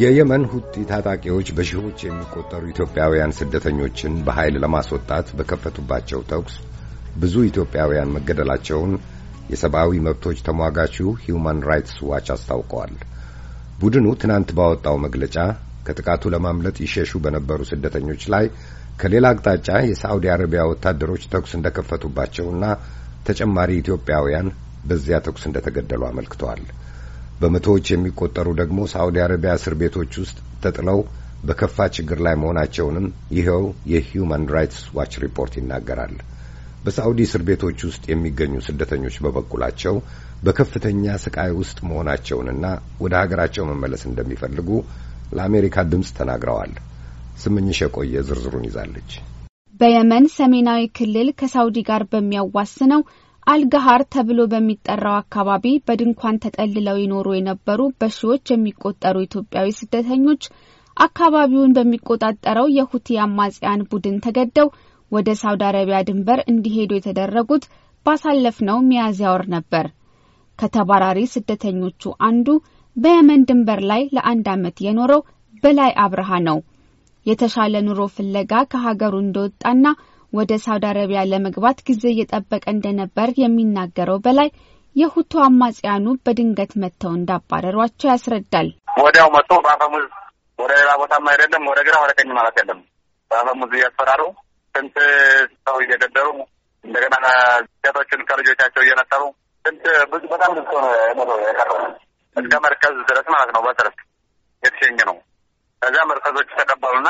የየመን ሁቲ ታጣቂዎች በሺዎች የሚቆጠሩ ኢትዮጵያውያን ስደተኞችን በኃይል ለማስወጣት በከፈቱባቸው ተኩስ ብዙ ኢትዮጵያውያን መገደላቸውን የሰብአዊ መብቶች ተሟጋቹ ሂዩማን ራይትስ ዋች አስታውቀዋል። ቡድኑ ትናንት ባወጣው መግለጫ ከጥቃቱ ለማምለጥ ይሸሹ በነበሩ ስደተኞች ላይ ከሌላ አቅጣጫ የሳዑዲ አረቢያ ወታደሮች ተኩስ እንደከፈቱባቸውና ተጨማሪ ኢትዮጵያውያን በዚያ ተኩስ እንደተገደሉ አመልክተዋል። በመቶዎች የሚቆጠሩ ደግሞ ሳዑዲ አረቢያ እስር ቤቶች ውስጥ ተጥለው በከፋ ችግር ላይ መሆናቸውንም ይኸው የሂዩማን ራይትስ ዋች ሪፖርት ይናገራል። በሳዑዲ እስር ቤቶች ውስጥ የሚገኙ ስደተኞች በበኩላቸው በከፍተኛ ስቃይ ውስጥ መሆናቸውንና ወደ ሀገራቸው መመለስ እንደሚፈልጉ ለአሜሪካ ድምፅ ተናግረዋል። ስምኝሽ የቆየ ዝርዝሩን ይዛለች። በየመን ሰሜናዊ ክልል ከሳውዲ ጋር በሚያዋስነው አልጋሃር ተብሎ በሚጠራው አካባቢ በድንኳን ተጠልለው ይኖሩ የነበሩ በሺዎች የሚቆጠሩ ኢትዮጵያዊ ስደተኞች አካባቢውን በሚቆጣጠረው የሁቲ አማጽያን ቡድን ተገደው ወደ ሳውዲ አረቢያ ድንበር እንዲሄዱ የተደረጉት ባሳለፍነው ሚያዝያ ወር ነበር። ከተባራሪ ስደተኞቹ አንዱ በየመን ድንበር ላይ ለአንድ ዓመት የኖረው በላይ አብርሃ ነው። የተሻለ ኑሮ ፍለጋ ከሀገሩ እንደወጣና ወደ ሳውዲ አረቢያ ለመግባት ጊዜ እየጠበቀ እንደነበር የሚናገረው በላይ የሁቱ አማጽያኑ በድንገት መጥተው እንዳባረሯቸው ያስረዳል። ወዲያው መጥቶ በአፈሙዝ ወደ ሌላ ቦታም አይደለም ወደ ግራ ወደ ቀኝ ማለት ያለም በአፈሙዝ እያስፈራሩ ስንት ሰው እየገደሉ እንደገና ሴቶችን ከልጆቻቸው እየነጠሩ ስንት ብዙ በጣም ብዙ ሰው ነው የቀረው እስከ መርከዝ ድረስ ማለት ነው። በስርፍ የተሸኘ ነው። ከዚያ መርከዞች ተቀበሉና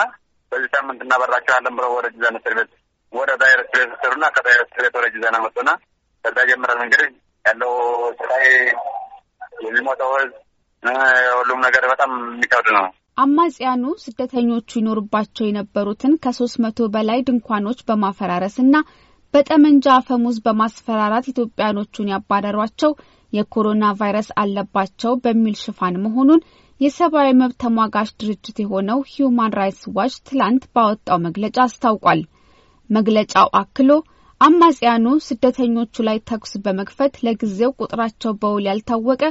በዚህ ሳምንት እናበራቸዋለን ብለው ወደ ጅዛን እስር ቤት ወደ ዳይሬክት ሬጅስተሩና ከዳይሬክት ረጅዘና ዘና መጡና ከዛ ጀምረን እንግዲህ ያለው ስራይ የሚሞተው ህዝብ ሁሉም ነገር በጣም የሚከብድ ነው። አማጽያኑ ስደተኞቹ ይኖርባቸው የነበሩትን ከሶስት መቶ በላይ ድንኳኖች በማፈራረስ እና በጠመንጃ አፈሙዝ በማስፈራራት ኢትዮጵያኖቹን ያባረሯቸው የኮሮና ቫይረስ አለባቸው በሚል ሽፋን መሆኑን የሰብአዊ መብት ተሟጋች ድርጅት የሆነው ሂዩማን ራይትስ ዋች ትላንት ባወጣው መግለጫ አስታውቋል። መግለጫው አክሎ አማጽያኑ ስደተኞቹ ላይ ተኩስ በመክፈት ለጊዜው ቁጥራቸው በውል ያልታወቀ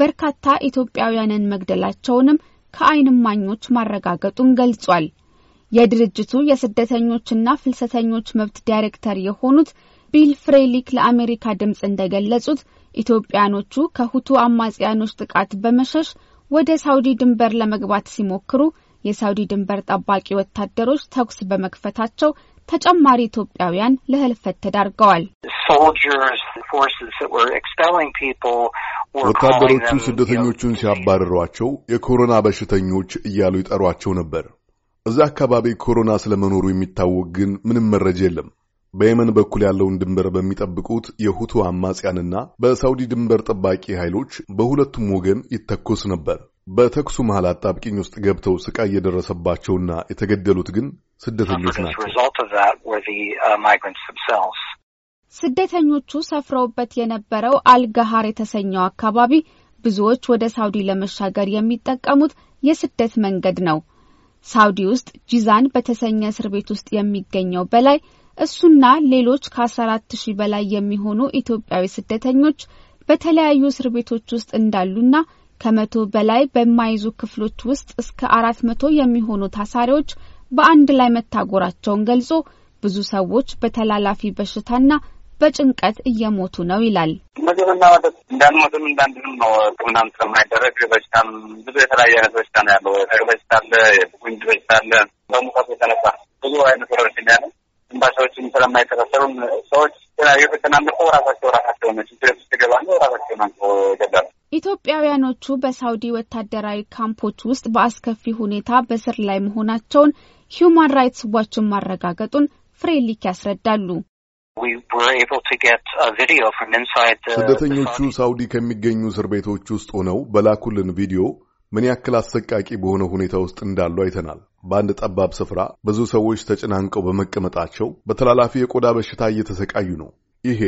በርካታ ኢትዮጵያውያንን መግደላቸውንም ከዓይን እማኞች ማረጋገጡን ገልጿል። የድርጅቱ የስደተኞችና ፍልሰተኞች መብት ዳይሬክተር የሆኑት ቢል ፍሬሊክ ለአሜሪካ ድምፅ እንደገለጹት ኢትዮጵያኖቹ ከሁቱ አማጽያኖች ጥቃት በመሸሽ ወደ ሳውዲ ድንበር ለመግባት ሲሞክሩ የሳውዲ ድንበር ጠባቂ ወታደሮች ተኩስ በመክፈታቸው ተጨማሪ ኢትዮጵያውያን ለህልፈት ተዳርገዋል። ወታደሮቹ ስደተኞቹን ሲያባረሯቸው የኮሮና በሽተኞች እያሉ ይጠሯቸው ነበር። እዛ አካባቢ ኮሮና ስለመኖሩ የሚታወቅ ግን ምንም መረጃ የለም። በየመን በኩል ያለውን ድንበር በሚጠብቁት የሁቱ አማጽያንና በሳውዲ ድንበር ጠባቂ ኃይሎች በሁለቱም ወገን ይተኮስ ነበር። በተኩሱ መሃል አጣብቂኝ ውስጥ ገብተው ስቃይ የደረሰባቸውና የተገደሉት ግን ስደተኞች ናቸው። um, uh, ስደተኞቹ ሰፍረውበት የነበረው አልጋሃር የተሰኘው አካባቢ ብዙዎች ወደ ሳውዲ ለመሻገር የሚጠቀሙት የስደት መንገድ ነው። ሳውዲ ውስጥ ጂዛን በተሰኘ እስር ቤት ውስጥ የሚገኘው በላይ እሱና ሌሎች ከ14 ሺህ በላይ የሚሆኑ ኢትዮጵያዊ ስደተኞች በተለያዩ እስር ቤቶች ውስጥ እንዳሉና ከመቶ በላይ በማይዙ ክፍሎች ውስጥ እስከ አራት መቶ የሚሆኑ ታሳሪዎች በአንድ ላይ መታጎራቸውን ገልጾ ብዙ ሰዎች በተላላፊ በሽታና በጭንቀት እየሞቱ ነው ይላል። ምግብና መጠጥ እንዳንሞትም እንዳንድንም ነው። ሕክምናም ስለማይደረግ በሽታ ብዙ የተለያየ አይነት በሽታ ነው ያለው። በሽታ አለ፣ ጉንጅ በሽታ አለ። በሙቀቱ የተነሳ ብዙ አይነት ወረርሽኝ ያለ ትንባሻዎችም ስለማይተከሰሩም ሰዎች የተጨናነቁ ራሳቸው ራሳቸው ነ ችግር ውስጥ ይገባሉ። ራሳቸው ነው ገዳሉ ኢትዮጵያውያኖቹ በሳውዲ ወታደራዊ ካምፖች ውስጥ በአስከፊ ሁኔታ በስር ላይ መሆናቸውን ሂዩማን ራይትስ ዋችን ማረጋገጡን ፍሬሊክ ያስረዳሉ። ስደተኞቹ ሳውዲ ከሚገኙ እስር ቤቶች ውስጥ ሆነው በላኩልን ቪዲዮ ምን ያክል አሰቃቂ በሆነ ሁኔታ ውስጥ እንዳሉ አይተናል። በአንድ ጠባብ ስፍራ ብዙ ሰዎች ተጨናንቀው በመቀመጣቸው በተላላፊ የቆዳ በሽታ እየተሰቃዩ ነው። ይሄ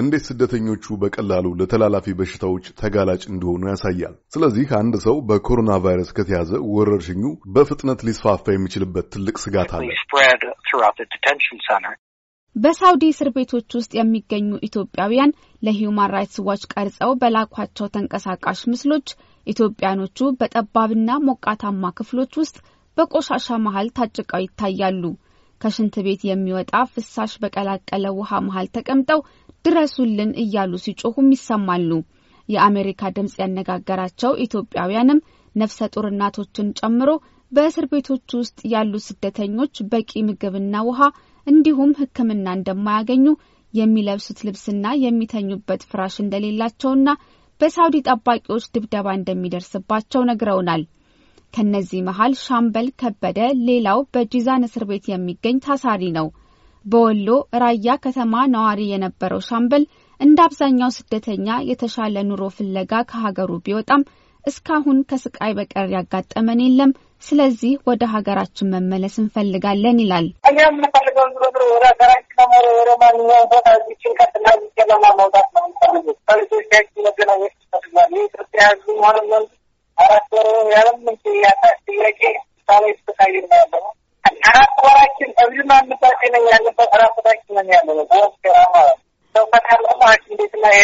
እንዴት ስደተኞቹ በቀላሉ ለተላላፊ በሽታዎች ተጋላጭ እንደሆኑ ያሳያል። ስለዚህ አንድ ሰው በኮሮና ቫይረስ ከተያዘ ወረርሽኙ በፍጥነት ሊስፋፋ የሚችልበት ትልቅ ስጋት አለ። በሳውዲ እስር ቤቶች ውስጥ የሚገኙ ኢትዮጵያውያን ለሂዩማን ራይትስ ዋች ቀርጸው በላኳቸው ተንቀሳቃሽ ምስሎች ኢትዮጵያኖቹ በጠባብና ሞቃታማ ክፍሎች ውስጥ በቆሻሻ መሀል ታጭቀው ይታያሉ። ከሽንት ቤት የሚወጣ ፍሳሽ በቀላቀለ ውሃ መሀል ተቀምጠው ድረሱልን እያሉ ሲጮሁም ይሰማሉ። የአሜሪካ ድምፅ ያነጋገራቸው ኢትዮጵያውያንም ነፍሰ ጡር እናቶችን ጨምሮ በእስር ቤቶች ውስጥ ያሉ ስደተኞች በቂ ምግብና ውሃ እንዲሁም ሕክምና እንደማያገኙ የሚለብሱት ልብስና የሚተኙበት ፍራሽ እንደሌላቸውና በሳውዲ ጠባቂዎች ድብደባ እንደሚደርስባቸው ነግረውናል። ከነዚህ መሀል ሻምበል ከበደ ሌላው በጂዛን እስር ቤት የሚገኝ ታሳሪ ነው። በወሎ ራያ ከተማ ነዋሪ የነበረው ሻምበል እንደ አብዛኛው ስደተኛ የተሻለ ኑሮ ፍለጋ ከሀገሩ ቢወጣም እስካሁን ከስቃይ በቀር ያጋጠመን የለም። ስለዚህ ወደ ሀገራችን መመለስ እንፈልጋለን ይላል። እኛ የምንፈልገው ዝሮ ዝሮ ወደ ሀገራችን ከመሮ ወደ ማንኛውም ቦታ እዚችን ከትና ለማ መውጣት ነው ምንፈልጉ ከልጆቻችን መገናኘት ይፈልጋል። የኢትዮጵያ ህዝብ ሆነ አራት ወሮ ያለም ጥያቄ ሳላይ ስታይል ነው ያለው አራት ወራችን ያለበት ነው ያለነው ማለት ፈታለ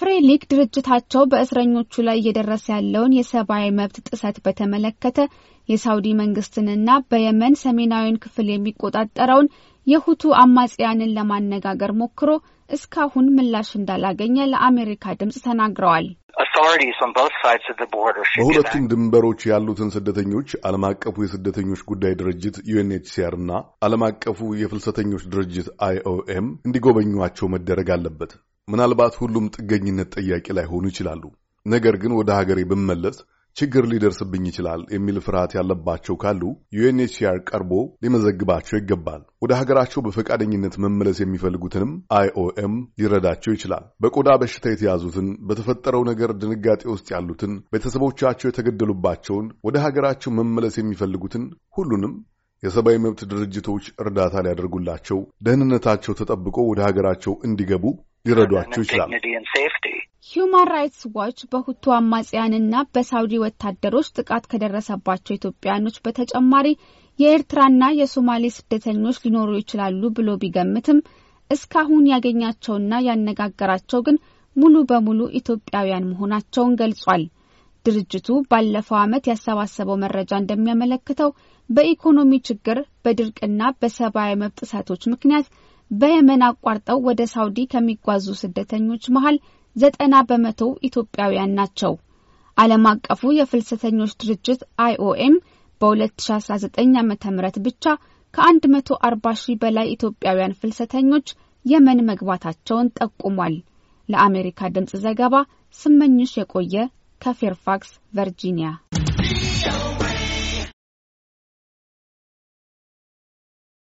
ፍሬሊክ ድርጅታቸው በእስረኞቹ ላይ እየደረሰ ያለውን የሰብአዊ መብት ጥሰት በተመለከተ የሳውዲ መንግስትንና በየመን ሰሜናዊን ክፍል የሚቆጣጠረውን የሁቱ አማጽያንን ለማነጋገር ሞክሮ እስካሁን ምላሽ እንዳላገኘ ለአሜሪካ ድምጽ ተናግረዋል። በሁለቱም ድንበሮች ያሉትን ስደተኞች ዓለም አቀፉ የስደተኞች ጉዳይ ድርጅት ዩኤንኤችሲአር እና ዓለም አቀፉ የፍልሰተኞች ድርጅት አይኦኤም እንዲጎበኟቸው መደረግ አለበት። ምናልባት ሁሉም ጥገኝነት ጠያቂ ላይሆኑ ይችላሉ። ነገር ግን ወደ ሀገሬ ብመለስ ችግር ሊደርስብኝ ይችላል የሚል ፍርሃት ያለባቸው ካሉ ዩኤንኤችሲአር ቀርቦ ሊመዘግባቸው ይገባል። ወደ ሀገራቸው በፈቃደኝነት መመለስ የሚፈልጉትንም አይኦኤም ሊረዳቸው ይችላል። በቆዳ በሽታ የተያዙትን፣ በተፈጠረው ነገር ድንጋጤ ውስጥ ያሉትን፣ ቤተሰቦቻቸው የተገደሉባቸውን፣ ወደ ሀገራቸው መመለስ የሚፈልጉትን ሁሉንም የሰብአዊ መብት ድርጅቶች እርዳታ ሊያደርጉላቸው፣ ደህንነታቸው ተጠብቆ ወደ ሀገራቸው እንዲገቡ ሊረዷቸው ይችላል። ሂውማን ራይትስ ዋች በሁቱ አማጽያንና በሳውዲ ወታደሮች ጥቃት ከደረሰባቸው ኢትዮጵያውያኖች በተጨማሪ የኤርትራና የሶማሌ ስደተኞች ሊኖሩ ይችላሉ ብሎ ቢገምትም እስካሁን ያገኛቸውና ያነጋገራቸው ግን ሙሉ በሙሉ ኢትዮጵያውያን መሆናቸውን ገልጿል። ድርጅቱ ባለፈው ዓመት ያሰባሰበው መረጃ እንደሚያመለክተው በኢኮኖሚ ችግር፣ በድርቅና በሰብአዊ መብት ጥሰቶች ምክንያት በየመን አቋርጠው ወደ ሳውዲ ከሚጓዙ ስደተኞች መሀል ዘጠና በመቶ ኢትዮጵያውያን ናቸው። ዓለም አቀፉ የፍልሰተኞች ድርጅት አይኦኤም በ2019 ዓ ም ብቻ ከ140 ሺህ በላይ ኢትዮጵያውያን ፍልሰተኞች የመን መግባታቸውን ጠቁሟል። ለአሜሪካ ድምፅ ዘገባ ስመኝሽ የቆየ ከፌርፋክስ ቨርጂኒያ